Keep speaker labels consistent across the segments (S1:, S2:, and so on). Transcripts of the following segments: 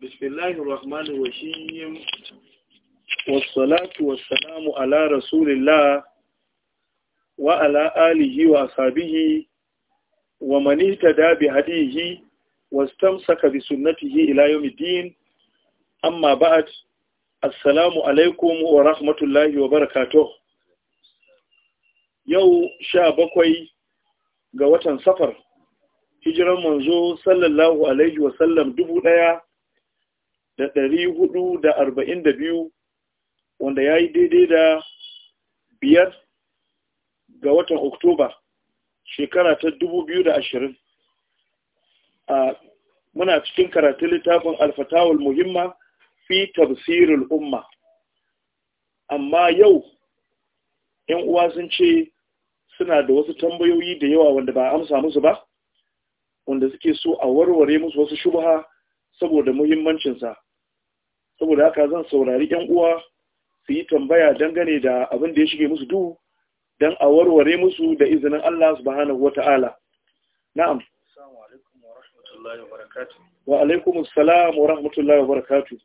S1: bismillahir rahmanir rahim wassalatu wassalamu ala rasulillah wa ala alihi wa ashabihi wa man ihtada bi hadihi wastamsaka bi sunnatihi ila yawmiddin amma ba'd assalamu alaikum wa rahmatullahi wa barakatuh yau sha bakwai ga watan safar hijiran manzo sallallahu alaihi wasallam dubu ɗaya da dari hudu da arba'in da biyu wanda ya yi daidai da biyar ga watan oktoba shekara ta dubu biyu da ashirin a muna cikin karatun littafin alfatawar muhimma fi tafsirin umma amma yau yan uwa sun ce suna da wasu tambayoyi da yawa wanda ba amsa musu ba wanda suke so a warware musu wasu shubha saboda muhimmancinsa saboda haka zan saurari yan uwa su yi tambaya dangane da abin da ya shige musu duhu don a warware musu da izinin Allah subhanahu wata'ala na'am wa alaikum assalam wa rahmatullahi wa barakatuh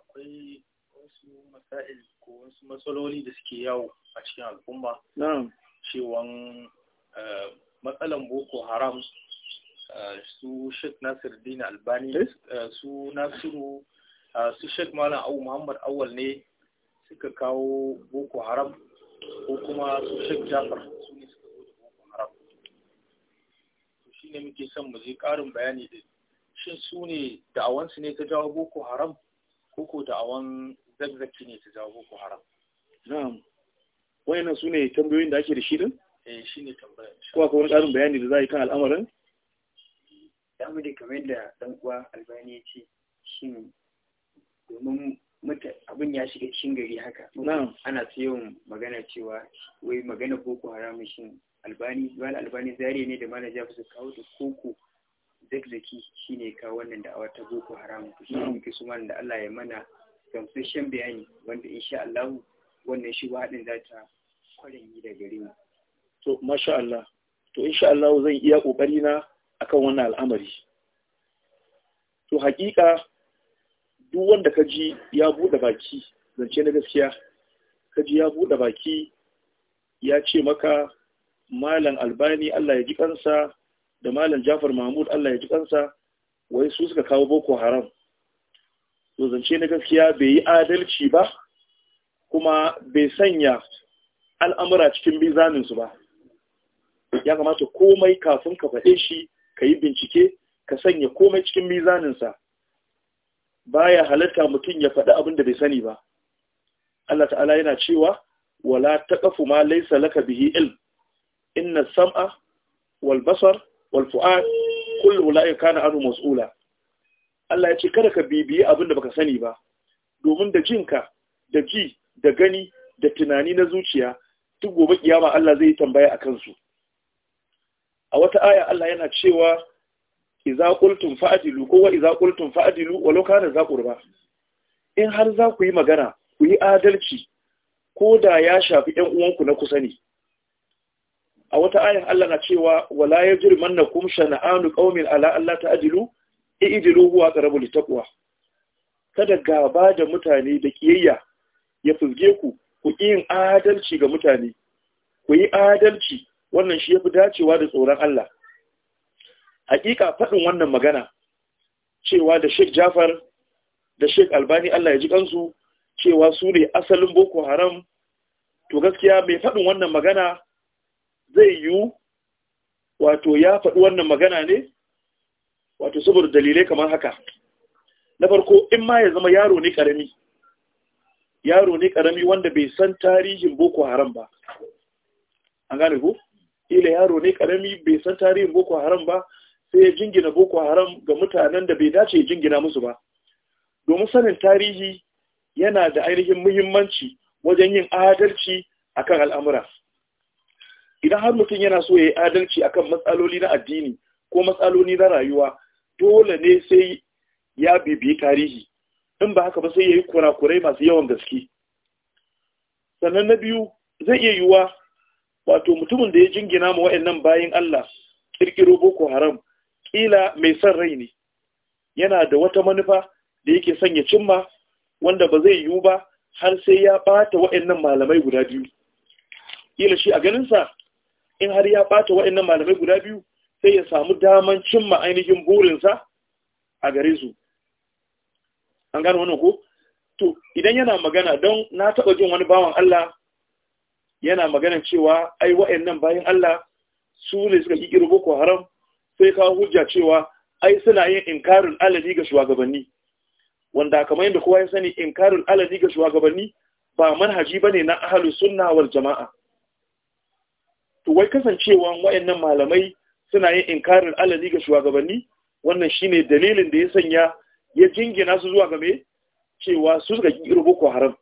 S1: akwai wasu masail ko wasu matsaloli da suke yawo a cikin al'umma na'am cewan eh, matsalan boko haram eh, su shek nasir din albani eh? Eh, su nasiru su shek malam abu muhammad awal ne suka kawo boko haram ko kuma su shek jafar su ne suka zo boko haram to shi ne muke son mu je ƙarin bayani da shin su ne da'awansu ne ta jawo boko haram ko ko da'awan zagzaki ne ta jawo boko haram na'am wayannan su ne tambayoyin da ake da shi din eh shine ƙarin bayani da za a yi kan al'amarin zamu da kamar da ɗan uwa albani ya ce shin domin abin ya shiga cikin gari haka ana ta yawan magana cewa wai magana boko haram shi albani wani albani zari ne da mana jafi su kawo da koko zakzaki shine kawo wannan da'awa ta boko haram shi ne muke su da Allah ya mana gamsasshen bayani wanda insha Allah wannan shi haɗin za ta kwarin yi da gare mu to masha Allah to insha Allah zan iya kokari na akan wannan al'amari to hakika duk wanda kaji ya bude baki zance na gaskiya kaji ya bude baki ya ce maka malam albani Allah ya ji kansa da malam Jafar Mahmud Allah ya ji kansa wai su suka kawo boko haram to zance na gaskiya bai yi adalci ba kuma bai sanya al'amura cikin su ba ya kamata komai kafin ka faɗe shi ka yi bincike ka sanya komai cikin mizaninsa Ba ya halatta mutum ya faɗi abin da bai sani ba Allah ta'ala yana cewa wala ta ƙafu ma laisa laka bihi ilm inna sam'a wal basar wal fu'ad kullu ulaika kana anhu mas'ula Allah ya ce kada ka bibiyi abin da baka sani ba domin da jinka da ji da gani da tunani na zuciya duk gobe kiyama Allah zai tambaya akan su a wata aya Allah yana cewa iza qultum fa'dilu ko iza qultum fa'dilu walau kana za qurba in har za ku yi magana ku yi adalci ko da ya shafi ɗan uwanku na kusa ne a wata aya Allah na cewa wala yajrimannakum shana'anu qaumin ala alla ta'dilu i'dilu huwa aqrabu littaqwa kada gaba da mutane da kiyayya ya fuzge ku ku yin adalci ga mutane ku yi adalci wannan shi ya fi dacewa da tsoron Allah hakika faɗin wannan magana cewa da Sheikh Jafar da Sheikh Albani Allah ya ji kansu cewa su ne asalin Boko Haram to gaskiya mai faɗin wannan magana zai yi wato ya faɗi wannan magana ne wato saboda dalilai kamar haka na farko in ma ya zama yaro ne ƙarami yaro ne ƙarami wanda bai san tarihin Boko Haram ba an gane ku kila yaro ne karami bai san tarihin boko haram ba sai ya jingina boko haram ga mutanen da bai dace ya jingina musu ba domin sanin tarihi yana da ainihin muhimmanci wajen yin adalci akan al'amura idan har mutum yana so ya yi adalci akan matsaloli na addini ko matsaloli na rayuwa dole ne sai ya bibiyi tarihi in ba haka ba sai ya yi kurakurai masu yawan gaske sannan na biyu zai iya yiwuwa wato mutumin da ya jingina ma wa'annan bayin Allah kirkiro boko haram kila mai son rai ne yana da wata manufa da yake son ya cimma wanda ba zai yiwu ba har sai ya bata wa'annan malamai guda biyu kila shi a ganinsa in har ya bata wa'annan malamai guda biyu sai ya samu daman cimma ainihin burinsa a gare su an gano wannan ko to idan yana magana don na taɓa jin wani bawan Allah yana magana cewa ai wa'annan bayan Allah su ne suka kikiri boko haram sai kawo hujja cewa ai suna yin inkarin aladi ga shugabanni wanda kamar yadda kowa ya sani inkarin aladi ga shugabanni ba manhaji bane na ahlu sunna wal jama'a to wai kasancewan wayannan malamai suna yin inkarin alali ga shugabanni wannan shine dalilin da ya sanya ya jingina su zuwa game cewa su suka kikiri boko haram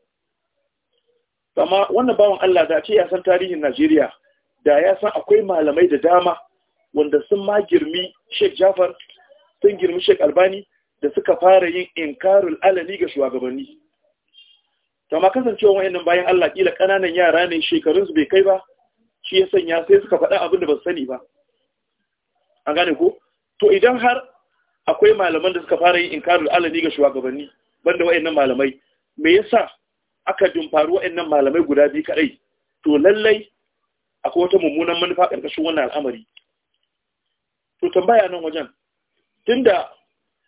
S1: amma wannan bawan Allah da ce ya san tarihin Najeriya da ya san akwai malamai da dama wanda sun ma girmi Sheikh Jafar sun girmi Sheikh Albani da suka fara yin inkarul alani ga shugabanni amma kasancewa wayannan bayan Allah kila kananan yara ne shekarun su bai kai ba shi ya sanya sai suka faɗa abin da ba sani ba an gane ko to idan har akwai malaman da suka fara yin inkarul alani ga shugabanni banda wayannan malamai me yasa aka dumfaru waɗannan malamai guda biyu kaɗai to lallai akwai wata mummunan manufa ƙarƙashin wannan al'amari to tambaya nan wajen tunda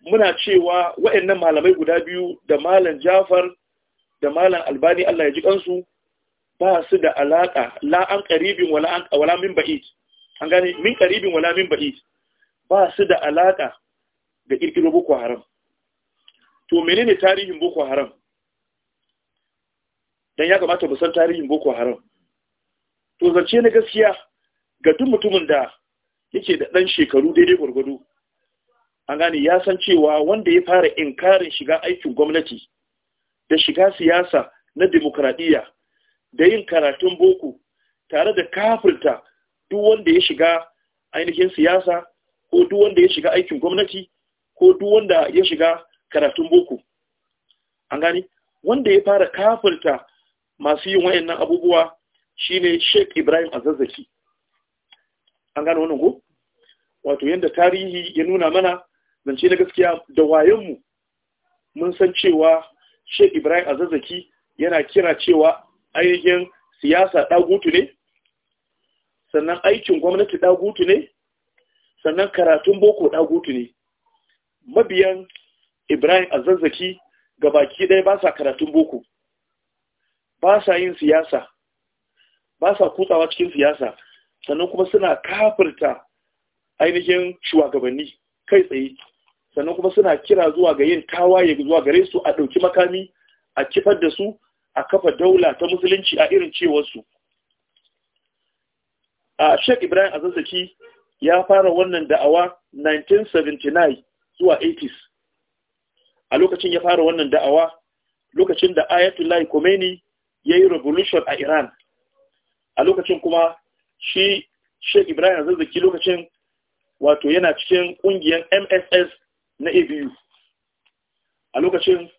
S1: muna cewa waɗannan malamai guda biyu da malam jafar da malam albani allah ya ji kansu ba su da alaƙa la an ƙaribin wala min ba'id an gane min ƙaribin wala min ba'id ba su da alaƙa da ƙirƙiro boko haram to menene tarihin boko haram don ya kamata mu san tarihin boko haram to zance na gaskiya ga duk mutumin da yake da ɗan shekaru daidai gwargwado an gane ya san cewa wanda ya fara inkarin shiga aikin gwamnati da shiga siyasa na demokradiyya da yin karatun boko tare da kafirta duk wanda ya shiga ainihin siyasa ko duk wanda ya shiga aikin gwamnati ko duk wanda ya shiga karatun boko an gane wanda ya fara kafirta masu yin wayannan abubuwa shine Sheikh Ibrahim Azazzaki an gano wannan ko wato yanda tarihi ya nuna mana zance na gaskiya da wayan mu mun san cewa Sheikh Ibrahim Azazzaki yana kira cewa ainihin siyasa dagutu ne sannan aikin gwamnati dagutu ne sannan karatun boko dagutu ne mabiyan Ibrahim Azazzaki ga baki ɗaya ba sa karatun boko ba sa yin siyasa ba sa kutsawa cikin siyasa sannan kuma suna kafirta ainihin shugabanni kai tsaye sannan kuma suna kira zuwa ga yin tawaye zuwa gare su a ɗauki makami a kifar da su a kafa daula ta musulunci a irin cewarsu a sheik ibrahim zazzaki ya fara wannan da'awa 1979 zuwa 80s a lokacin ya fara wannan da'awa lokacin da ayatollah khomeini ya yi revolution a iran a lokacin kuma shi sheik ibrahim zazzaki lokacin wato yana cikin ƙungiyar mss na abu a lokacin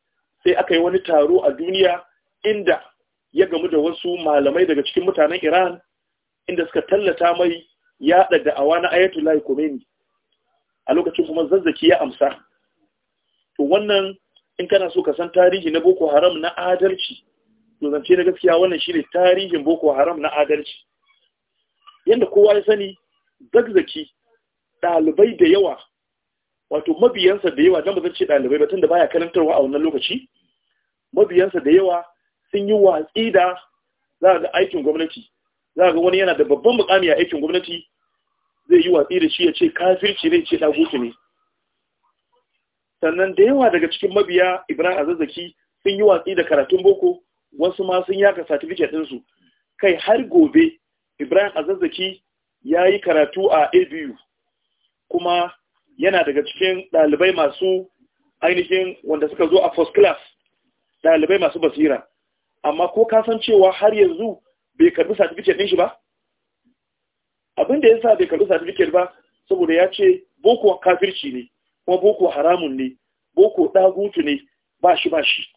S1: sai aka yi wani taro a duniya inda ya gamu da wasu malamai daga cikin mutanen iran inda suka tallata mai yaɗa da'awa na ayatollah khomeini a lokacin kuma zazzaki ya amsa to wannan in kana so ka san tarihi na boko haram na adalci to zance na gaskiya wannan shine tarihin boko haram na adalci Yadda kowa ya sani zagzaki ɗalibai da yawa wato mabiyansa da yawa don ba zan ce ɗalibai ba baya karantarwa a wannan lokaci mabiyansa da yawa sun yi watsi da za ga aikin gwamnati za ga wani yana da babban mukami a aikin gwamnati zai yi watsi da shi ya ce kafirci ne ce ɗagutu ne sannan da yawa daga cikin mabiya ibrahim azazzaki sun yi watsi da karatun boko wasu ma sun yaka certificate ɗinsu kai har gobe ibrahim azazzaki ya yi karatu a abu kuma yana daga cikin ɗalibai masu ainihin wanda suka zo a first class ɗalibai masu basira amma ko ka san cewa har yanzu bai karbi certificate ɗin shi ba abin ya sa bai karbi certificate ba saboda ya ce boko kafirci ne kuma boko haramun ne boko ɗagutu ne ba shi ba shi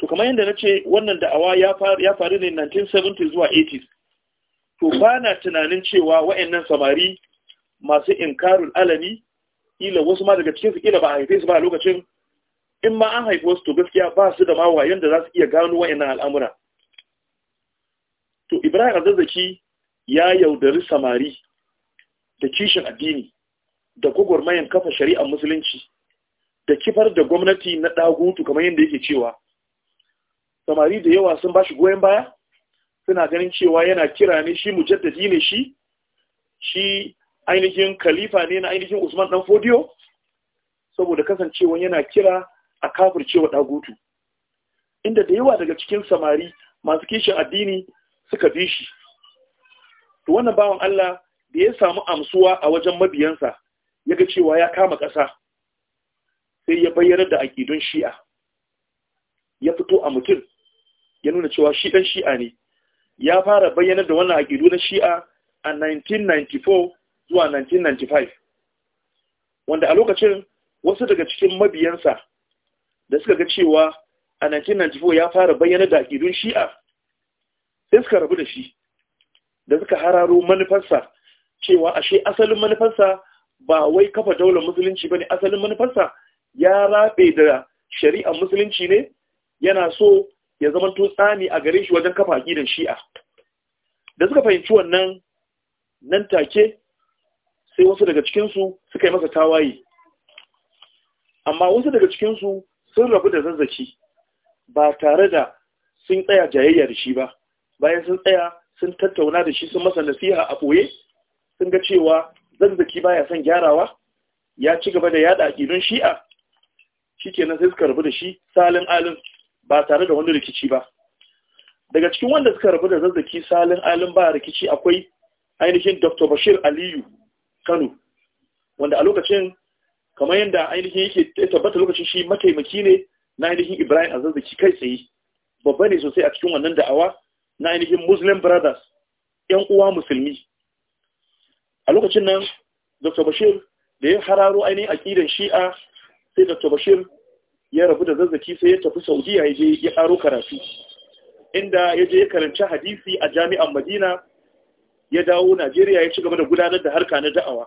S1: to kamar yadda na ce wannan da'awa ya faru ne 1970 zuwa 80s to ba na tunanin cewa wa'annan samari masu inkarul alami ila wasu ma daga cikinsu ila ba a haife su ba a lokacin in ma an haifi wasu to gaskiya ba su da mawa yadda za su iya gano wa'annan al'amura to ibrahim azazzaki ya yaudari samari da kishin addini da gwagwarmayan kafa shari'ar musulunci da kifar da gwamnati na ɗagutu kamar yadda yake cewa samari da yawa sun bashi goyon baya suna ganin cewa yana kira ne shi mujaddadi ne shi shi ainihin khalifa ne na ainihin Usman dan Fodiyo saboda kasancewa yana kira a kafircewa dagutu inda da yawa daga cikin samari masu kishin addini suka bi shi to wannan bawan Allah da ya samu amsuwa a wajen mabiyansa ya ga cewa ya kama ƙasa sai ya bayyana da aƙidun shi'a ya fito a mutum ya nuna cewa shi ɗan shi'a ne ya fara bayyanar da wannan aƙidu na shi'a a 1994 zuwa 1995 wanda a lokacin wasu daga cikin mabiyansa da suka ga cewa a 1994 ya fara bayyanar da aƙidun shi'a sai suka rabu da shi da suka hararo manufarsa cewa ashe asalin manufarsa ba wai kafa daular musulunci ba ne asalin manufarsa ya rabe da shari'ar musulunci ne yana so ya zama to tsani a gare shi wajen kafa gidan shi'a da suka fahimci wannan nan take sai wasu daga cikinsu suka yi masa tawaye amma wasu daga cikin su sun rabu da zazzaki ba tare da sun tsaya jayayya da shi ba bayan sun tsaya sun tattauna da shi sun masa nasiha a ɓoye sun ga cewa zazzaki baya son gyarawa ya ci gaba da yada aƙidun shi'a shi kenan sai suka rabu da shi salin alin ba tare da wani rikici ba daga cikin wanda suka rabu da zazzaki salin alin ba rikici akwai ainihin dr bashir aliyu kano wanda a lokacin kamar yadda ainihin yake tabbata lokacin shi mataimaki ne na ainihin ibrahim a zazzaki kai tsaye babba ne sosai a cikin wannan da'awa na ainihin muslim brothers yan uwa musulmi a lokacin nan dr bashir da ya hararo ainihin aƙidan shi'a sai dr bashir ya rabu da zazzaki sai ya tafi saudiya ya je ya karo karatu inda ya je ya karanci hadisi a jami'an madina ya dawo najeriya ya ci gaba da gudanar da harka na da'awa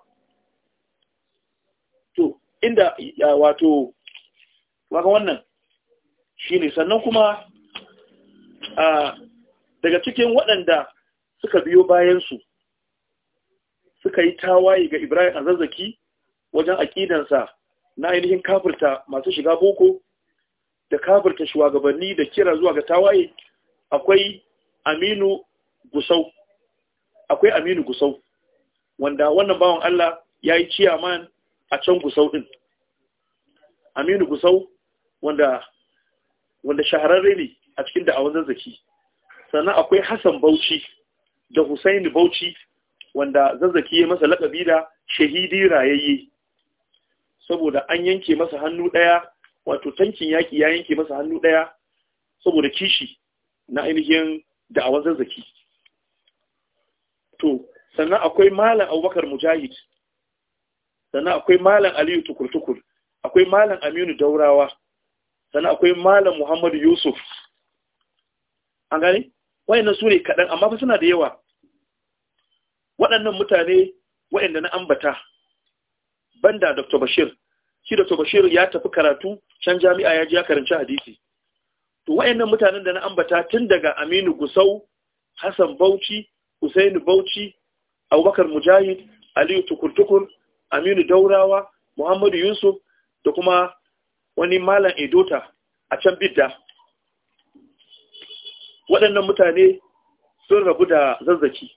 S1: to inda wato waka wannan shi ne sannan kuma daga cikin waɗanda suka biyo bayansu suka yi tawaye ga ibrahim a zazzaki wajen aƙidansa na ainihin kafirta masu shiga boko da kafirta shugabanni da kira zuwa ga tawaye akwai aminu gusau akwai aminu gusau wanda wannan bawan Allah ya yi ciyaman a can gusau din aminu gusau wanda wanda shahararre ne a cikin da'awar zazzaki sannan akwai hassan bauchi da husaini bauchi wanda zazzaki ya masa lakabi da shahidi rayayye saboda an yanke masa hannu ɗaya wato tankin yaƙi ya yanke masa hannu ɗaya saboda kishi na ainihin da'awar zazzaki to sannan akwai malam abubakar mujahid sannan akwai malam aliyu tukur-tukur akwai malam aminu daurawa sannan akwai malam muhammadu yusuf an gani wayannan su ne kaɗan amma fa suna da yawa waɗannan mutane waɗanda na ambata banda Dr. Bashir shi Dr. Bashir ya tafi karatu can jami'a ya ji ya karanci hadisi to wayannan mutanen da na ambata tun daga Aminu Gusau Hassan Bauchi Hussaini Bauchi Abubakar Mujahid Aliyu Tukurtukur Aminu Daurawa Muhammadu Yusuf da kuma wani malam Edota a can Bidda waɗannan mutane sun rabu da zazzaki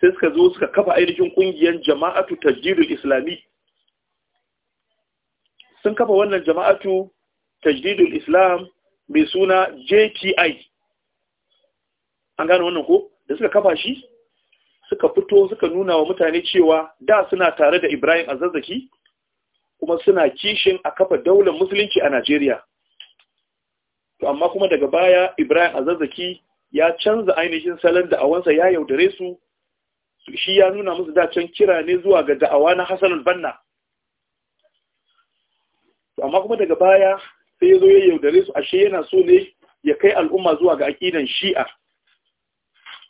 S1: sai suka zo suka kafa ainihin kungiyar jama'atu tajdidul islami sun kafa wannan jama'atu tajdidul islam mai suna JTI an gane wannan ko da suka kafa shi suka fito suka nuna wa mutane cewa da suna tare da Ibrahim Azazzaki kuma suna kishin a kafa daular musulunci a Najeriya to amma kuma daga baya Ibrahim Azazzaki ya canza ainihin salon da awansa ya yaudare su shi ya nuna musu can kira ne zuwa ga da'awa na Hassan al-Banna amma kuma daga baya sai yazo ya yaudare su ashe yana so ne ya kai al'umma zuwa ga aqidan Shi'a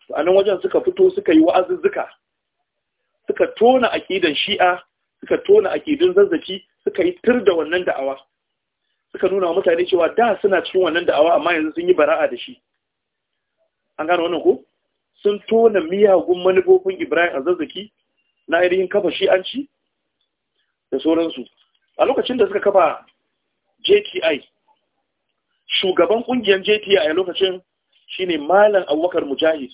S1: to anan wajen suka fito suka yi wa'azuzzuka suka tona aqidan Shi'a suka tona aqidun zazzaki suka yi tur da wannan da'awa suka nuna mutane cewa da suna cikin wannan da'awa amma yanzu sun yi bara'a da shi an gano wannan ko sun tona miyagun manufofin Ibrahim Azazzaki na ainihin kafa shi'anci da sauransu a lokacin da suka kafa JTI shugaban kungiyar JTI a lokacin shine Malam Abubakar Mujahid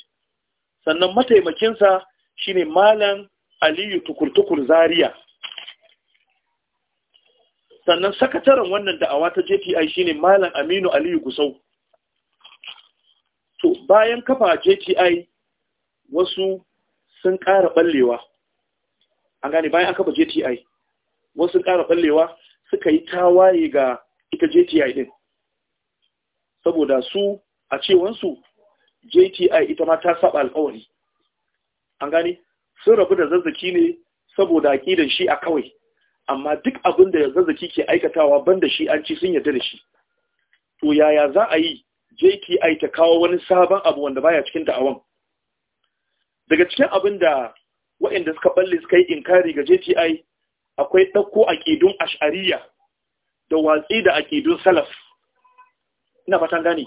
S1: sannan mataimakinsa shine Malam Aliyu Tukurtukur Zaria sannan sakataren wannan da'awa ta JTI shine Malam Aminu Aliyu Gusau bayan kafa JTI wasu sun ƙara ɓallewa an gane bayan aka ba jti wasu sun ƙara ɓallewa suka yi tawaye ga ita jti ɗin saboda su a cewansu jti ita ma ta saba alkawari an gane sun rabu da zazzaki ne saboda aƙidan shi a kawai amma duk abin da zazzaki ke aikatawa banda shi an ci sun yarda da shi to yaya za a yi jti ta kawo wani sabon abu wanda baya cikin da'awan daga cikin abin da waɗanda suka balle suka yi inkari ga JTI akwai ɗauko aƙidun ash'ariya da watsi da aƙidun salaf ina fatan gani.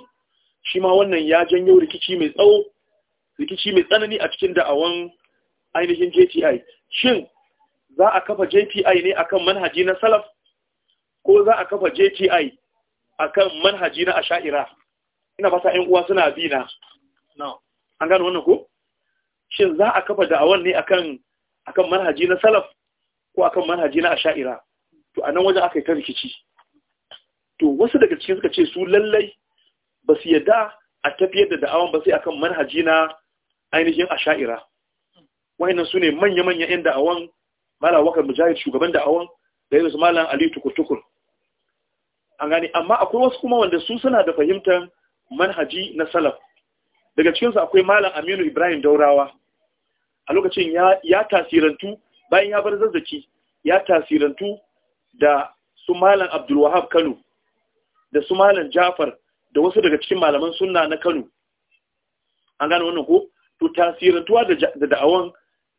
S1: shi ma wannan ya janyo rikici mai tsawo rikici mai tsanani a cikin da'awan ainihin JTI shin za a kafa JTI ne akan manhaji na salaf ko za a kafa JTI akan manhaji na asha'ira ina fata 'yan uwa suna bi na an gano wannan ko shin za a kafa da'awan ne akan akan manhaji na salaf ko akan manhaji na asha'ira to a nan wajen aka yi ta rikici to wasu daga cikin suka ce su lallai ba su yadda a tafiyar da da'awan ba sai akan manhaji na ainihin asha'ira wayannan su ne manya-manya 'yan da'awan malam wakar mujahid shugaban da'awan da yanzu malam ali tukur-tukur an gani amma akwai wasu kuma wanda su suna da fahimtar manhaji na salaf daga cikinsu akwai malam aminu ibrahim daurawa a lokacin ya tasirantu bayan ya bar zazzaki ya tasirantu da su malam abdulwahab kano da su malam jafar da wasu daga cikin malaman sunna na kano an gane wannan ko to tasirantuwa da da'awan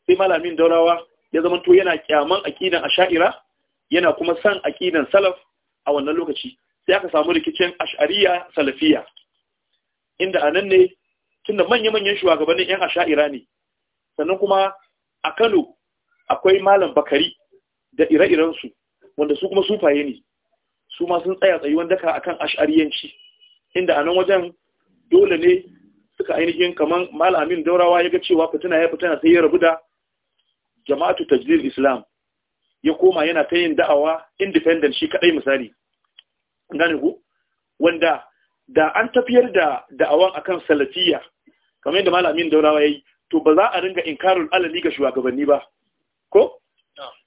S1: sai malamin daurawa ya zama to yana kyaman akidan asha'ira yana kuma san akidan salaf a wannan lokaci sai aka samu rikicin ash'ariya salafiya inda anan ne tunda manya-manyan shugabannin yan asha'ira ne sannan kuma a Kano akwai malam Bakari da ire-irensu wanda su kuma sufaye ne su ma sun tsaya tsayuwan daka akan ash'ariyanci inda a nan wajen dole ne suka ainihin kaman malamin daurawa ya ga cewa fitina ya fitina sai ya rabu da jama'atu tajdid islam ya koma yana ta yin da'awa independent shi kadai misali gane ku wanda da an tafiyar da da'awan akan salafiyya kamar yadda malamin daurawa yi, to ba za a ringa inkarul alali ga shugabanni ba ko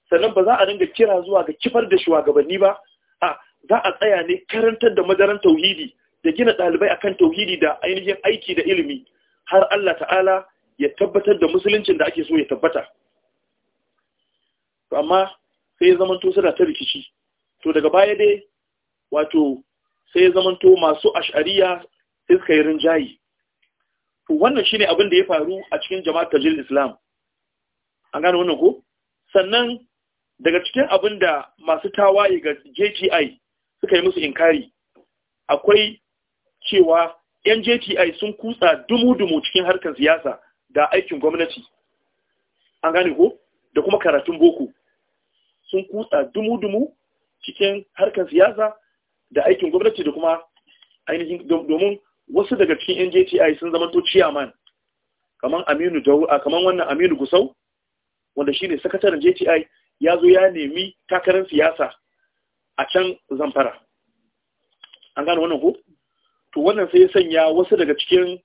S1: sannan ba za a ringa kira zuwa ga kifar da shugabanni ba a za a tsaya ne karantar da madaran tauhidi da gina ɗalibai akan tauhidi da ainihin aiki da ilimi har Allah ta'ala ya tabbatar da musuluncin da ake so ya tabbata To amma sai ya zamanto suna ta rikici to daga baya dai wato sai ya zamanto masu ash'ariya sai suka yi rinjayi wannan shine abin da ya faru a cikin jama'ar tajil islam an gane wannan ko sannan daga cikin abin da masu tawaye ga JTI suka yi musu inkari akwai cewa yan JTI sun kutsa dumu-dumu cikin harkar siyasa da aikin gwamnati an gane ko da kuma karatun boko sun kutsa dumu-dumu cikin harkar siyasa da aikin gwamnati da kuma ainihin domin wasu daga cikin NJTI sun zama to chairman kaman Aminu a kaman wannan Aminu Gusau wanda shine sakataren JTI ya zo ya nemi takarar siyasa a can Zamfara an gano wannan ko to wannan sai ya sanya wasu daga cikin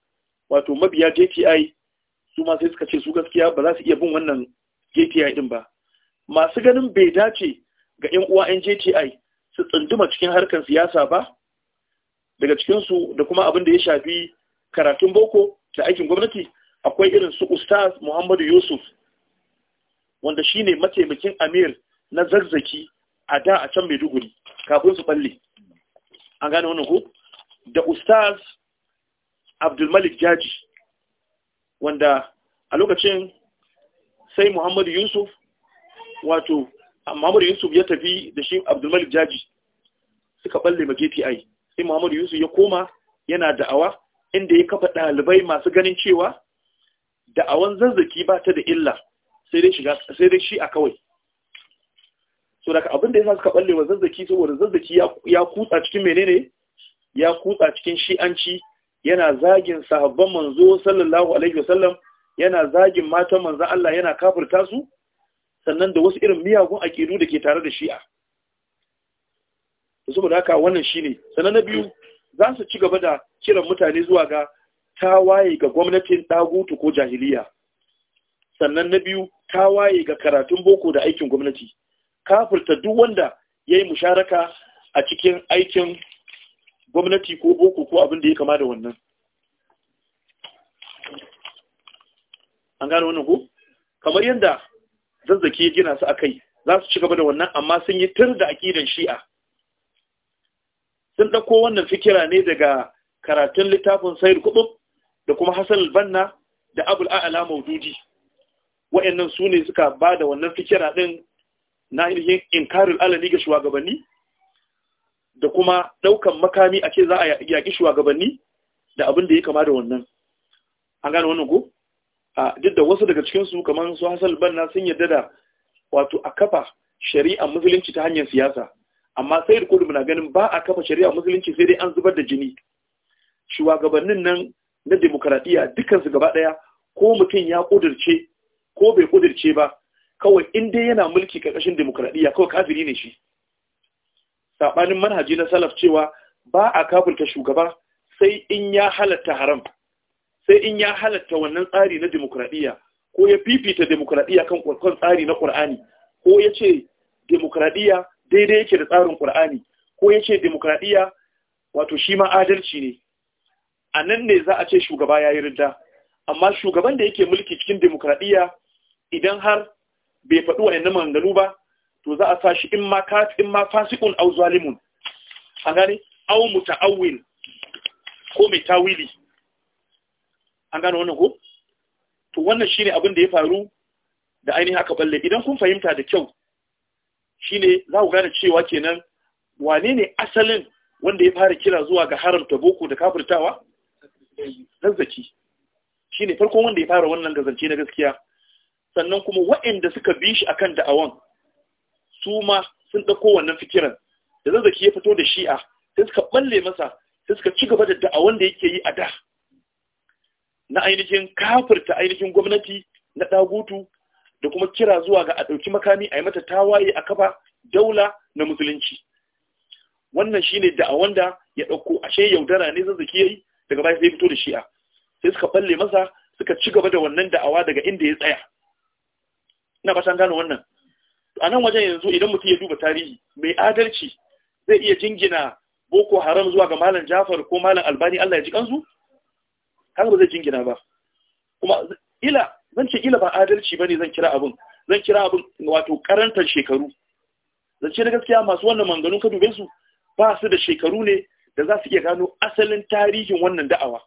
S1: wato mabiya JTI su ma sai suka ce su gaskiya ba za su iya bin wannan JTI din ba masu ganin bai dace ga 'yan uwa 'yan su tsunduma cikin harkar siyasa ba daga cikinsu da kuma abin da ya shafi karatun boko da aikin gwamnati akwai irin su ustaz muhammadu yusuf wanda shine mataimakin amir na zarzaki a da a can maiduguri kafin su balle an gane wani ku da ustaz abdulmalik jaji wanda a lokacin sai muhammadu yusuf wato muhammadu yusuf ya tafi da shi abdulmalik jaji suka balle ma gpi sai Muhammadu Yusuf ya koma yana da'awa inda ya kafa ɗalibai masu ganin cewa da'awan zazzaki ba ta da illa sai dai shi a kawai so daga abin da ya sa suka balle wa zazzaki saboda zazzaki ya kutsa cikin menene ya kutsa cikin shi'anci yana zagin sahabban manzo sallallahu alaihi wasallam yana zagin matan manzan Allah yana kafirta su sannan da wasu irin miyagun aƙidu da ke tare da shi'a da saboda haka wannan ne, sannan na biyu za su ci gaba da kiran mutane zuwa ga tawaye ga gwamnatin dagutu ko jahiliya sannan na biyu tawaye ga karatun boko da aikin gwamnati kafirta duk wanda ya yi musharaka a cikin aikin gwamnati ko boko ko abin da ya kama da wannan an gano wannan ko kamar yadda zazzaki ya gina su a kai za su ci gaba da wannan amma sun yi tun da aƙidan shi'a sun ɗauko wannan fikira ne daga karatun littafin sayar kuɗu da kuma hassan albanna da abul a'ala maududi wa'annan su ne suka ba da wannan fikira ɗin na ainihin inkarin alali ga shugabanni da kuma ɗaukan makami a ce za a yaƙi shugabanni da abin da ya kama da wannan an gane wannan ko a duk da wasu daga cikinsu kamar su hassan albanna sun yarda da wato a kafa shari'ar musulunci ta hanyar siyasa amma sai da muna ganin ba a kafa shari'a musulunci sai dai an zubar da jini shugabannin nan na demokaradiyya dukansu gaba ɗaya ko mutum ya ƙudurce ko bai ƙudurce ba kawai in dai yana mulki ƙarƙashin demokaradiyya kawai kafiri ne shi saɓanin manhaji na salaf cewa ba a kafirta shugaba sai in ya halatta haram sai in ya halatta wannan tsari na demokaradiyya ko ya fifita demokaradiyya kan tsari na ƙur'ani ko ya ce demokaradiyya daidai yake da tsarin kur'ani ko ya ce demokradiya wato shi ma adalci ne a nan ne za a ce shugaba ya yi ridda amma shugaban da yake mulki cikin demokradiya idan har bai faɗi yanzu maganganu ba to za a sa shi in ma kat in ma fasiqun aw zalimun an gane aw muta'awil ko mai tawili an gane wannan ko to wannan shine abin da ya faru da ainihin aka balle idan kun fahimta da kyau shine za ku gane cewa kenan wane ne asalin wanda ya fara kira zuwa ga haramta boko da kafirtawa zazzaki shine farkon wanda ya fara wannan gazance na gaskiya sannan kuma waɗanda suka bi shi akan da'awan su ma sun ɗauko wannan fikiran da zazzaki ya fito da shi'a sai suka balle masa sai suka ci gaba da da'awan da yake yi a da na ainihin kafirta ainihin gwamnati na ɗagutu da kuma kira zuwa ga a ɗauki makami a yi mata tawaye a kafa daula na musulunci wannan shine da a wanda ya ɗauko ashe yaudara ne zazzaki yi daga baya sai fito da shi'a sai suka balle masa suka ci gaba da wannan da'awa daga inda ya tsaya ina ba san gano wannan a nan wajen yanzu idan mutum ya duba tarihi mai adalci zai iya jingina boko haram zuwa ga malam jafar ko malam albani allah ya ji kansu haka ba zai jingina ba kuma ila zan ce ila ba adalci bane zan kira abin zan kira abin wato karantar shekaru zan ce da gaskiya masu wannan manganu ka dube su ba su da shekaru ne da za su iya gano asalin tarihin wannan da'awa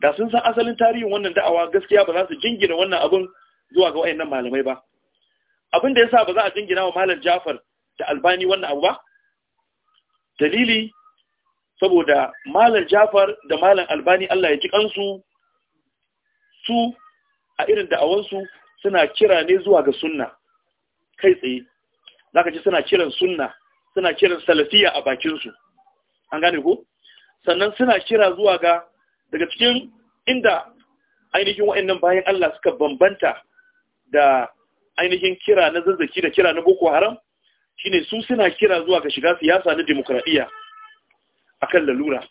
S1: da sun san asalin tarihin wannan da'awa gaskiya ba za su jingina wannan abin zuwa ga wayannan malamai ba abin da yasa ba za a jingina wa malam Jafar da Albani wannan abu ba dalili saboda malam Jafar da malam Albani Allah ya ji kansu su a irin da da'awansu suna kira ne zuwa ga sunna kai tsaye zaka ji suna kiran sunna suna kiran salafiya a bakinsu an gane ko sannan suna kira zuwa ga daga cikin inda ainihin wa'annan bayan Allah suka bambanta da ainihin kira na zazzaki da kira na boko haram shine su suna kira zuwa ga shiga siyasa na demokradiya akan lalura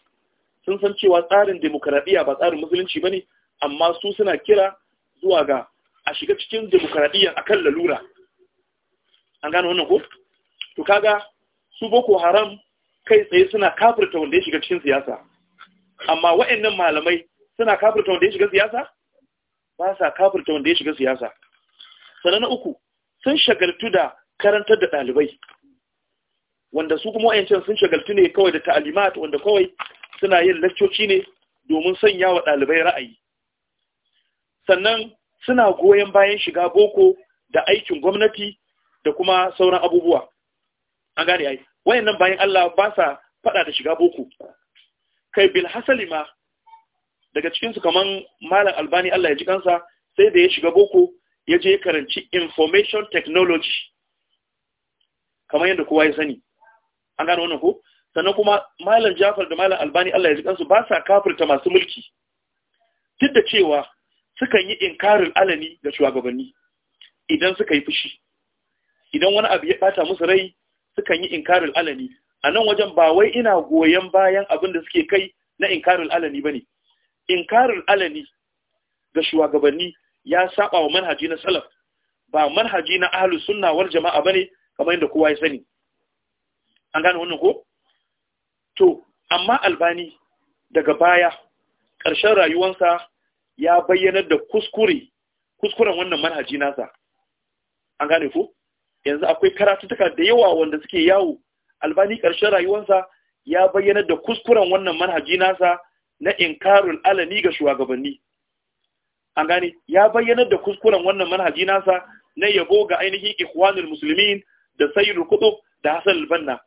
S1: sun san cewa tsarin demokradiya ba tsarin musulunci bane amma su suna kira zuwa ga a shiga cikin a kan lalura an gano wannan ko to kaga su boko haram kai tsaye suna kafirta wanda ya shiga cikin siyasa amma wa'annan malamai suna kafirta wanda ya shiga siyasa ba sa kafirta wanda ya shiga siyasa sannan na uku sun shagaltu da karantar da ɗalibai wanda su kuma wa'ancan sun shagaltu ne kawai da ta'alimat wanda kawai suna yin lakcoci ne domin sanya wa ɗalibai ra'ayi sannan suna goyon bayan shiga boko da aikin gwamnati da kuma sauran abubuwa an gane ai wayannan bayan Allah ba sa fada da shiga boko kai bil hasali ma daga cikin su kaman malam albani Allah ya ji kansa sai da ya shiga boko ya je karanci information technology kamar yadda kowa ya sani an gane wannan ko sannan kuma malam Jafar da malam Albani Allah ya ji kansu ba sa kafirta masu mulki duk da cewa sukan yi inkarin alani ga shugabanni idan suka yi fushi idan wani abu ya bata musu rai sukan yi inkarin alani a nan wajen ba wai ina goyon bayan abin da suke kai na inkarin alani ba ne inkarin alani ga shugabanni ya saba wa manhaji na salaf ba manhaji na ahlus sunna wal jama'a bane kamar yadda kowa ya sani an gane wannan ko to amma albani daga baya ƙarshen rayuwarsa ya bayyanar da kuskure kuskuren wannan manhaji nasa an gane ku. yanzu akwai karatutuka da yawa wanda suke yawo albani ƙarshen rayuwarsa ya bayyanar da kuskuren wannan manhaji nasa na inkarul alani ga shugabanni an gane ya bayyanar da kuskuren wannan manhaji nasa na yabo ga ainihin ikhwanul muslimin da sayyidul kutub da hasan albanna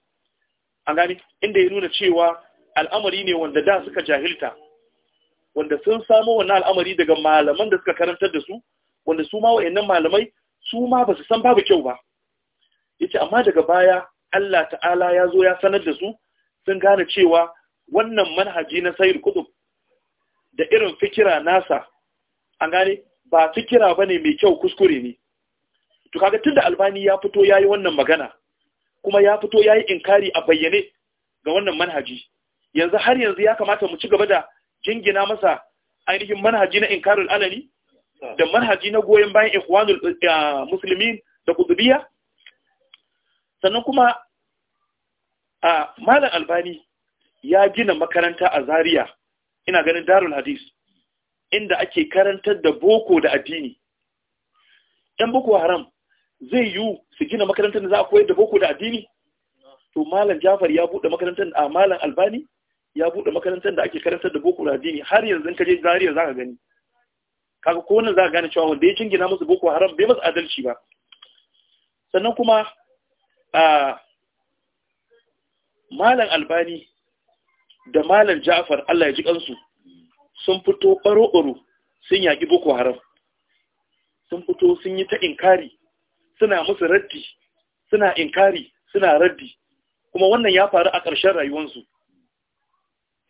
S1: an gane inda ya nuna cewa al'amari ne wanda da suka jahilta wanda sun samu wannan al'amari daga malaman da suka karantar da su wanda su ma wa'annan malamai su ma ba su san babu kyau ba yace amma daga baya Allah ta'ala ya zo ya sanar da su sun gane cewa wannan manhaji na sayar kutub da irin fikira nasa an gane ba fikira ba ne mai kyau kuskure ne to kaga tunda albani ya fito yayi wannan magana kuma ya fito yayi inkari a bayyane ga wannan manhaji yanzu har yanzu ya kamata mu ci gaba da jingina masa ainihin manhaji na inkarul alani da manhaji na goyon bayan ikhwanul eh, muslimin da Kudubiya. sannan kuma a malam albani ya gina makaranta a Zariya, ina ganin darul hadis inda ake karantar da boko da addini ɗan boko haram zai yi su gina makarantar da za a koyar da boko da addini to malam jafar ya buɗe makarantar a malam albani ya buɗe makarantar da ake karantar da boko da addini har yanzu ka je zariya za ka gani kaga ko wannan za ka gane cewa wanda ya cingina musu boko haram bai masu adalci ba sannan kuma a malam albani da malam ja'far Allah ya ji kansu sun fito baro-baro sun yaƙi boko haram sun fito sun yi ta inkari suna musu raddi suna inkari suna raddi kuma wannan ya faru a ƙarshen rayuwarsu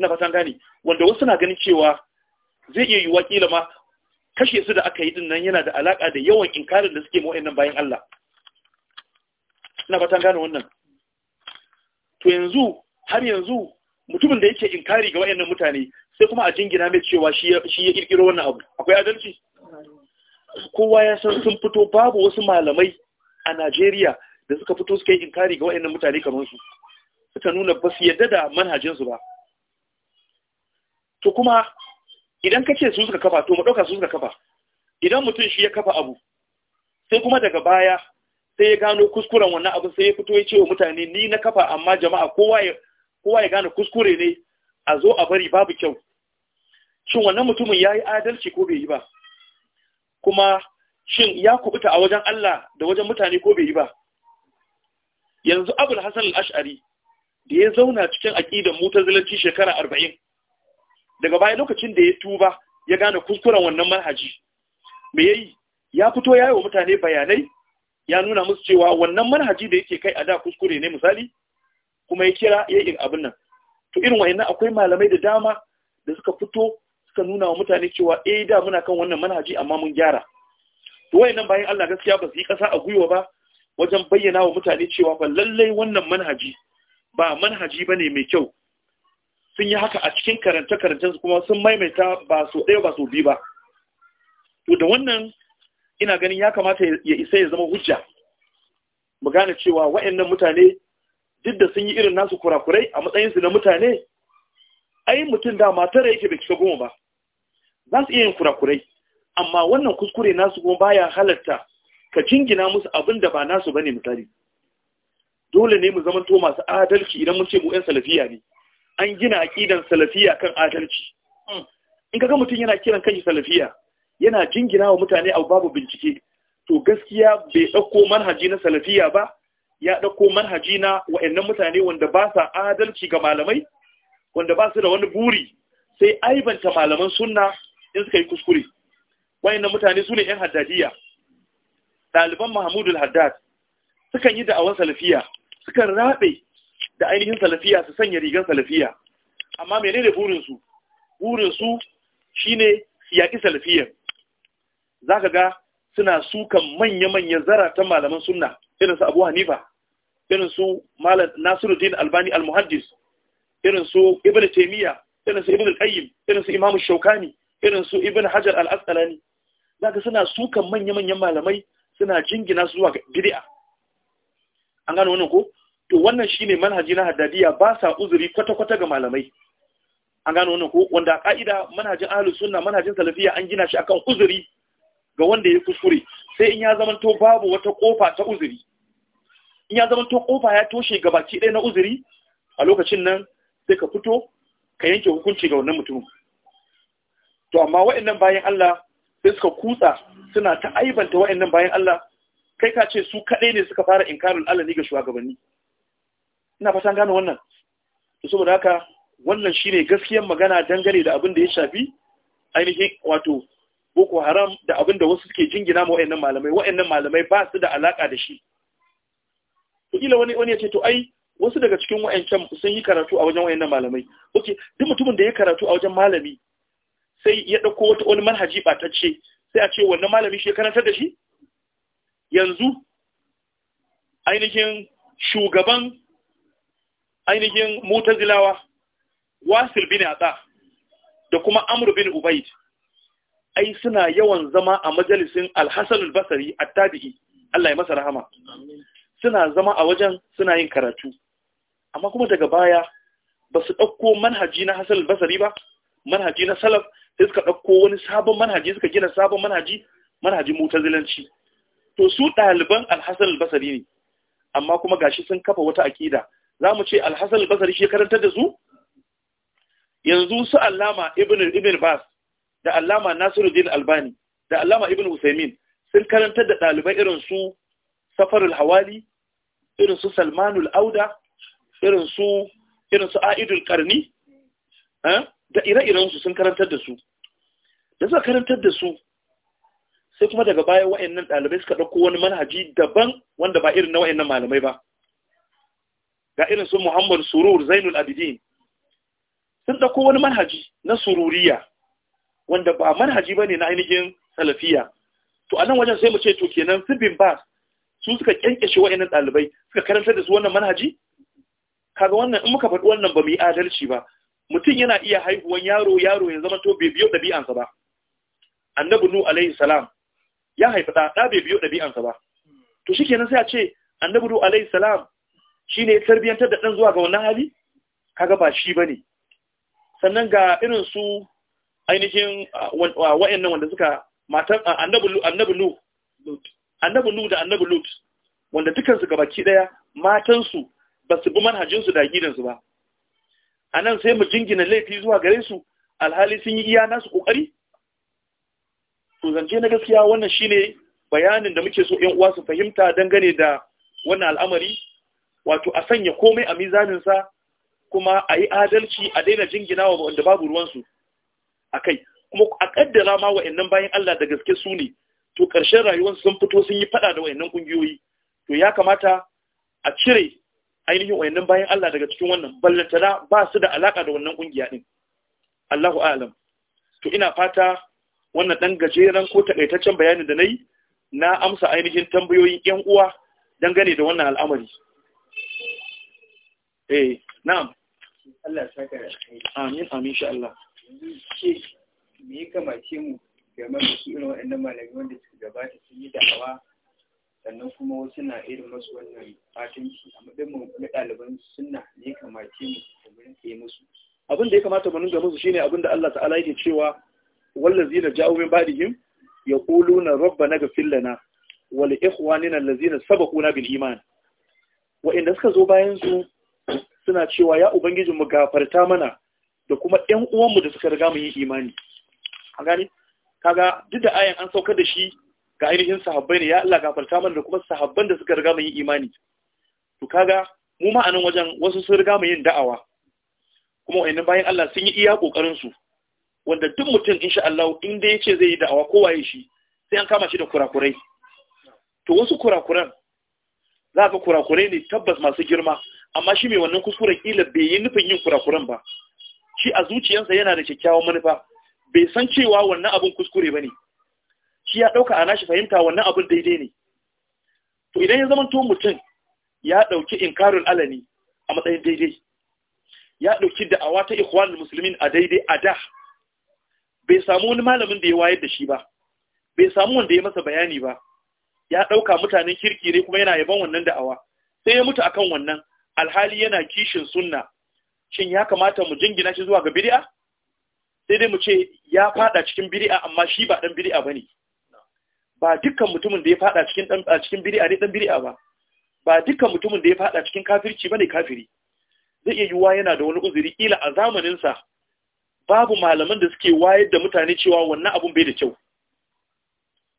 S1: ina fatan gane wanda wasu na ganin cewa zai iya yiwuwa kila ma kashe su da aka yi din nan yana da alaka da yawan inkarin da suke ma nan bayan Allah ina fatan gane wannan to yanzu har yanzu mutumin da yake inkari ga wayannan mutane sai kuma a jingina mai cewa shi ya kirkiro wannan abu akwai adalci kowa ya san sun fito babu wasu malamai a Najeriya da suka fito suka yi inkari ga wayannan mutane kamar su ta nuna ba su yadda da manhajinsu ba to kuma idan ka ce su suka kafa to maɗauka ɗauka su suka kafa idan mutum shi ya kafa abu sai kuma daga baya sai ya gano kuskuren wannan abin sai ya fito ya ce wa mutane ni na kafa amma jama'a kowa ya gano gane kuskure ne a zo a bari babu kyau shin wannan mutumin ya yi adalci ko bai yi ba kuma shin ya kubuta a wajen Allah da wajen mutane ko bai yi ba yanzu abul hasan al-ash'ari da ya zauna cikin aqidan mutazilanci shekara arba'in daga baya lokacin da ya tuba ya gane kuskuren wannan manhaji me yayi ya fito ya yi wa mutane bayanai ya nuna musu cewa wannan manhaji da yake kai a da kuskure ne misali kuma ya kira ya yi abin nan to irin wayannan akwai malamai da dama da suka fito suka nuna wa mutane cewa eh da muna kan wannan manhaji amma mun gyara to wayannan bayan Allah gaskiya ba su yi kasa a gwiwa ba wajen bayyana wa mutane cewa fa lallai wannan manhaji ba manhaji bane mai kyau sun yi haka a cikin karanta-karantansu kuma sun maimaita ba su ɗaya ba su biyu ba to da wannan ina ganin ya kamata ya isa ya zama hujja mu gane cewa wa'annan mutane duk da sun yi irin nasu kurakurai a matsayin su na mutane ai mutum da matar yake bai cika goma ba za su iya yin kurakurai amma wannan kuskure nasu kuma baya halatta ka jingina musu abin da ba nasu bane misali dole ne mu zamanto masu adalci idan mun ce mu 'yan salafiya ne an gina aƙidar salafiya kan adalci hmm. in ka ga mutum yana kiran kanshi salafiya yana jingina wa mutane abu babu bincike to gaskiya bai ɗauko manhaji na salafiya ba ya ɗauko manhaji na wa'annan mutane wanda ba sa adalci ga malamai wanda ba su da wani buri sai aibanta malaman sunna in suka yi kuskure wayannan mutane su ne yan haddadiya ɗaliban Mahmudul Haddad sukan yi da'awar salafiya sukan rabe da ainihin salafiya su sanya rigar salafiya amma menene burinsu burinsu shine yaƙi salafiyar za ka ga suna sukan manya-manya ta malaman sunna irin su abu hanifa irin su nasiruddin albani al-muhaddis irin su ibn taimiyya irin su ibn qayyim irin su imamu shaukani irin su ibn hajar al-asqalani zaka suna sukan manya-manyan malamai suna jingina zuwa bid'a an gano wannan ko to wannan shine manhaji na haddadiya ba sa uzuri kwata-kwata ga malamai an gano wannan ko wanda ka'ida manhajin ahlus sunna manhajin salafiyya an gina shi akan uzuri ga wanda ya kuskure sai in ya to babu wata kofa ta uzuri in ya zamanto kofa ya toshe ga baki ɗaya na uzuri a lokacin nan sai ka fito ka yanke hukunci ga wannan mutumin to amma wa'annan bayan Allah sai suka kutsa suna ta aibanta wa'annan bayan Allah kai ka ce su kaɗai ne suka fara inkarin Allah ne ga shugabanni ina fatan gane wannan to saboda haka wannan shine gaskiyar magana dangane da abin da ya shafi ainihin wato boko haram da abin da wasu suke jingina ma wayannan malamai wayannan malamai ba su da alaka da shi to kila wani wani ya to ai wasu daga cikin wayancan sun yi karatu a wajen wayannan malamai okay duk mutumin da ya karatu a wajen malami sai ya dauko wata wani manhaji ba ta ce, sai a ce wannan malami shi ya karantar da shi yanzu ainihin shugaban ainihin mutazilawa wasil bin atsa da kuma amru bin ubaid ai suna yawan zama a majalisin alhassan albasari a tabii Allah ya masa rahama suna zama a wajen suna yin karatu amma kuma daga baya ba su ɗauko manhaji na hassan albasari ba manhaji na salaf sai suka ɗauko wani sabon manhaji suka gina sabon manhaji manhajin mutazilanci to su ɗaliban alhassan albasari ne amma kuma gashi sun kafa wata aƙida za mu ce alhassan albasari shi karanta da su yanzu su allama ibn bas da allama nasiruddin albani da allama ibn usaimin sun karanta da ɗalibai irin su safarul hawali irin su salmanul auda irin su irin su aidul karni eh, da ire-irensu sun karanta da su da suka karanta da su sai kuma daga baya wa'annan ɗalibai suka ɗauko wani manhaji daban wanda ba irin na wa'annan malamai ba ga irin su Muhammad Surur Zainul Abidin sun dauko wani manhaji na sururiya wanda ba manhaji ne na ainihin salafiya to a nan wajen sai mu ce to kenan sibin bin ba su suka kyankyashe wa'annan ɗalibai suka karantar da su wannan manhaji kaga wannan in muka faɗi wannan ba mu yi adalci ba mutum yana iya haihuwan yaro yaro ya zama to bai biyo ɗabi'ansa ba annabi nu alaihi salam ya haifi ɗa ɗa bai biyo ɗabi'ansa ba to shikenan sai a ce annabi nu alaihi salam shi ne tarbiyyantar da ɗan zuwa ga wannan hali kaga ba shi ba ne sannan ga irin su ainihin ah, wa'annan ah, wanda suka matan ah, annabu nu da annabu lut wanda dukansu ga baki ɗaya matansu ba su bi manhajinsu da gidansu ba a nan sai mu jingina laifi zuwa gare su alhali sun yi iya nasu ƙoƙari to zance na gaskiya wannan shine bayanin da muke so 'yan uwa su fahimta dangane da wannan al'amari wato a sanya komai a mizaninsa kuma a yi adalci a daina jingina wa wanda babu ruwansu a kai kuma a kaddara ma wa'annan bayan Allah da gaske su ne to ƙarshen rayuwarsu sun fito sun yi faɗa da wa'annan ƙungiyoyi to ya kamata a cire ainihin wayannan bayan Allah daga cikin wannan ballantana ba su da alaka da wannan kungiya din Allahu a'lam to ina fata wannan dan gajeren ko takaitaccen bayanin da nayi na amsa ainihin tambayoyin ƴan uwa dangane da wannan al'amari eh na'am Allah ya saka amin amin insha Allah shi me ya kamace mu game da su irin waɗannan malamai wanda suka gabata sun yi da'awa sannan kuma wasu na irin masu wannan fatanci a matsayin mu na ɗaliban sunna me ya kamace mu da mu rinka yi musu abin da ya kamata mu ga musu shine abin da Allah ta'ala yake cewa wallazina ja'u min ba'dihim yaquluna rabbana ighfir lana wa li ikhwanina allazina sabaquna bil iman wa inda suka zo bayan su suna cewa ya ubangijin mu gafarta mana da kuma uwan uwanmu da suka riga mu yi imani a gani kaga duk da ayan an saukar da shi ga ainihin sahabbai ne ya Allah gafarta mana da kuma sahabban da suka riga mu yi imani to kaga mu ma anan wajen wasu sun riga mu yin da'awa kuma wayannan bayan Allah sun yi iya kokarin su wanda duk mutum insha Allah in dai yace zai yi da'awa ko waye shi sai an kama shi da kurakurai to wasu kurakuran za ka kurakurai ne tabbas masu girma amma shi mai wannan kuskuren ƙila bai yi nufin yin kurakuran ba shi a zuciyarsa yana da kyakkyawan manufa bai san cewa wannan abin kuskure ba ne shi ya ɗauka a nashi fahimta wannan abun daidai ne to idan ya zama to mutum ya ɗauki inkarul alani a matsayin daidai ya ɗauki da'awa ta ikhwanul musulmin a daidai a da bai samu wani malamin da ya wayar da shi ba bai samu wanda ya masa bayani ba ya ɗauka mutanen kirki ne kuma yana yaban wannan da'awa sai ya mutu akan wannan alhali yana kishin sunna shin ya kamata mu jingina shi zuwa ga bid'a sai dai mu ce ya fada cikin bid'a amma shi ba dan bid'a bane ba dukkan mutumin da ya fada cikin dan cikin bid'a ne dan bid'a ba ba dukkan mutumin da ya fada cikin kafirci bane kafiri zai iya yiwuwa yana da wani uzuri ila a zamanin sa babu malaman da suke wayar da mutane cewa wannan abun bai da kyau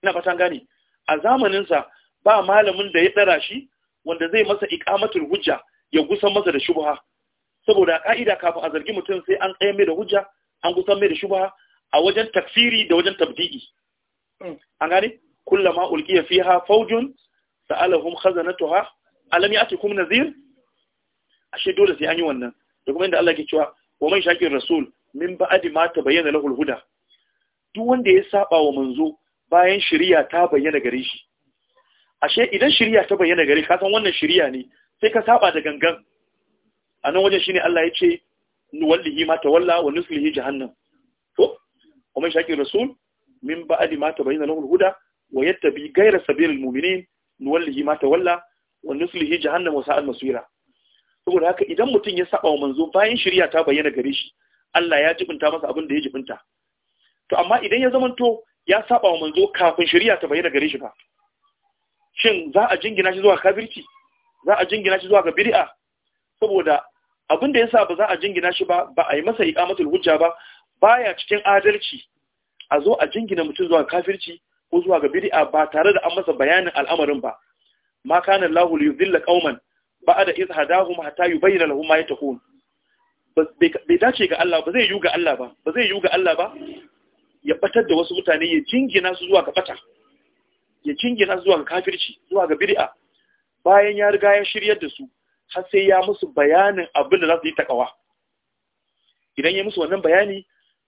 S1: ina fatan gane a zamanin sa ba malamin da ya dara shi wanda zai masa iqamatul hujja ya gusan masa da shubha saboda ka'ida kafin a zargi mutum sai an tsaye mai da hujja an gusan mai da shubha a wajen tafsiri da wajen tabdi'i hmm. an gane kullama ulqiya fiha fawjun sa'alahum khazanatuha alam ya'tikum nadhir ashe dole sai an yi wannan da kuma inda Allah ke cewa wa man shaqir rasul min ba'di ma tabayyana lahu al duk wanda ya saba wa manzo bayan shari'a ta bayyana gare shi ashe idan shari'a ta bayyana gare ka san wannan shari'a ne sai ka saba da gangan a nan wajen shine Allah ya ce nuwallihi ma tawalla wa nuslihi jahannam to kuma shaki rasul min ba'di ma tabayyana lahu al-huda wa yattabi ghayra sabilil mu'minin nuwallihi ma tawalla wa nuslihi jahannam wa sa'al masira saboda haka idan mutum ya saba wa manzo bayan shari'a ta bayyana gare shi Allah ya jibinta masa abin da ya jibinta to amma idan ya zamanto ya saba wa manzo kafin shari'a ta bayyana gare shi ba shin za a jingina shi zuwa kafirci za a jingina shi zuwa ga bid'a saboda abin da yasa ba za a jingina shi ba ba a yi masa iqamatul hujja ba baya cikin adalci a zo a jingina mutum zuwa kafirci ko zuwa ga bid'a ba tare da an masa bayanin al'amarin ba ma kana Allahu li yudhilla qauman ba'da idh hadahum hatta yubayyana lahum ma yatakun bai dace ga Allah ba zai yi ga Allah ba ba zai yi ga Allah ba ya batar da wasu mutane ya jingina su zuwa ga bata ya jingina su zuwa ga kafirci zuwa ga bid'a bayan ya riga ya shiryar da su har sai ya musu bayanin abin da za su yi takawa idan ya musu wannan bayani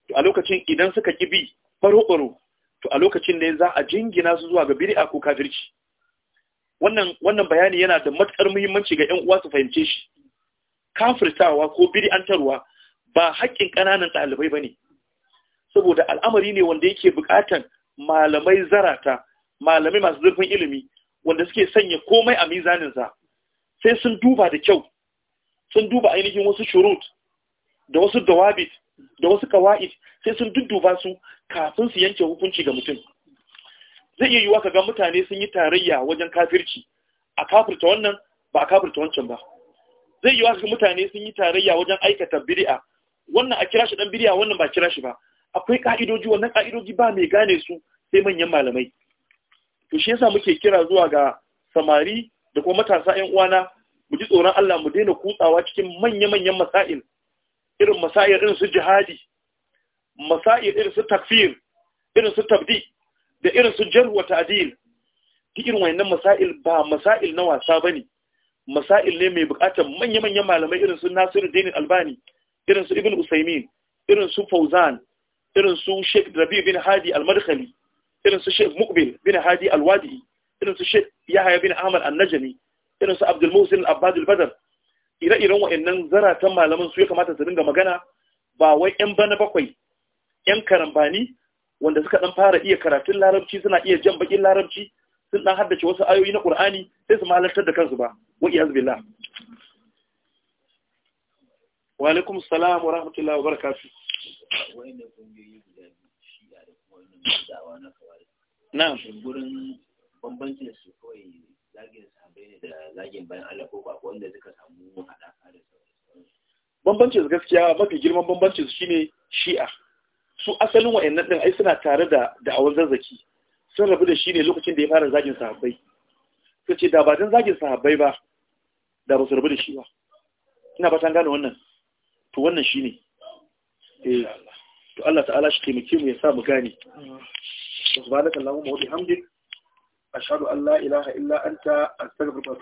S1: to a lokacin idan suka ki bi baro-baro to a lokacin ne za a jingina su zuwa ga biri'a ko kafirci wannan wannan bayani yana da matukar muhimmanci ga 'yan uwa su fahimce shi kafirtawa ko biri'antarwa ba haƙƙin ƙananan ɗalibai ba ne. saboda al'amari ne wanda yake buƙatan malamai zarata malamai masu zurfin ilimi wanda suke sanya komai a mizaninsa sai sun duba da kyau sun duba ainihin wasu shurut da wasu dawabit da wasu kawa'id sai sun dudduba su kafin su yanke hukunci ga mutum zai iya yiwuwa kaga mutane sun yi tarayya wajen kafirci a kafirta wannan ba a kafirta wancan ba zai yiwuwa kaga mutane sun yi tarayya wajen aikata bid'a wannan a kira shi dan bid'a wannan ba kira shi ba akwai ka'idoji wannan ka'idoji ba mai gane su sai manyan malamai to shi yasa muke kira zuwa ga samari da kuma matasa ƴan uwana mu ji tsoron Allah mu daina kutsawa cikin manya-manyan masail irin masail irin su jihadi masail irin su takfir irin su tabdi da irin su jarh wa ta'dil duk irin wayannan masail ba masail na wasa bane masail ne mai bukatar manya-manyan malamai irin su Nasiruddin Albani irin su Ibn Usaymin irin su Fauzan irin su Sheikh Rabi bin Hadi Al-Madkhali irin su Sheikh Mukbil bin Hadi Al-Wadi irin su Sheikh Yahya bin Ahmad An-Najmi irin su Abdul Muhsin Abbad Al-Badr ire-iren wayannan zaratan malaman su ya kamata su dinga magana ba wai yan bana bakwai yan karambani wanda suka dan fara iya karatun larabci suna iya jan bakin larabci sun dan haddace wasu ayoyi na Qur'ani sai su malaltar da kansu ba wa iyaz billah wa alaikum salam wa rahmatullahi wa barakatuh da'awa na kawai na gurin bambancin su kawai zagin sahabbai ne da zagin bayan Allah ko ba wanda suka samu haɗaka da bambancin gaskiya mafi girman bambancin su shine shi'a su asalin wa'annan din ai suna tare da da'awar zazzaki sun rabu da shi ne lokacin da ya fara zagin sahabbai su ce da ba don zagin sahabbai ba da ba su rabu da shi ba ina ba ta gane wannan to wannan shi ne eh. to Allah ta'ala shi taimake mu ya sa mu gane subhanakallahumma wa bihamdik ashhadu an la ilaha illa anta astaghfiruka wa atubu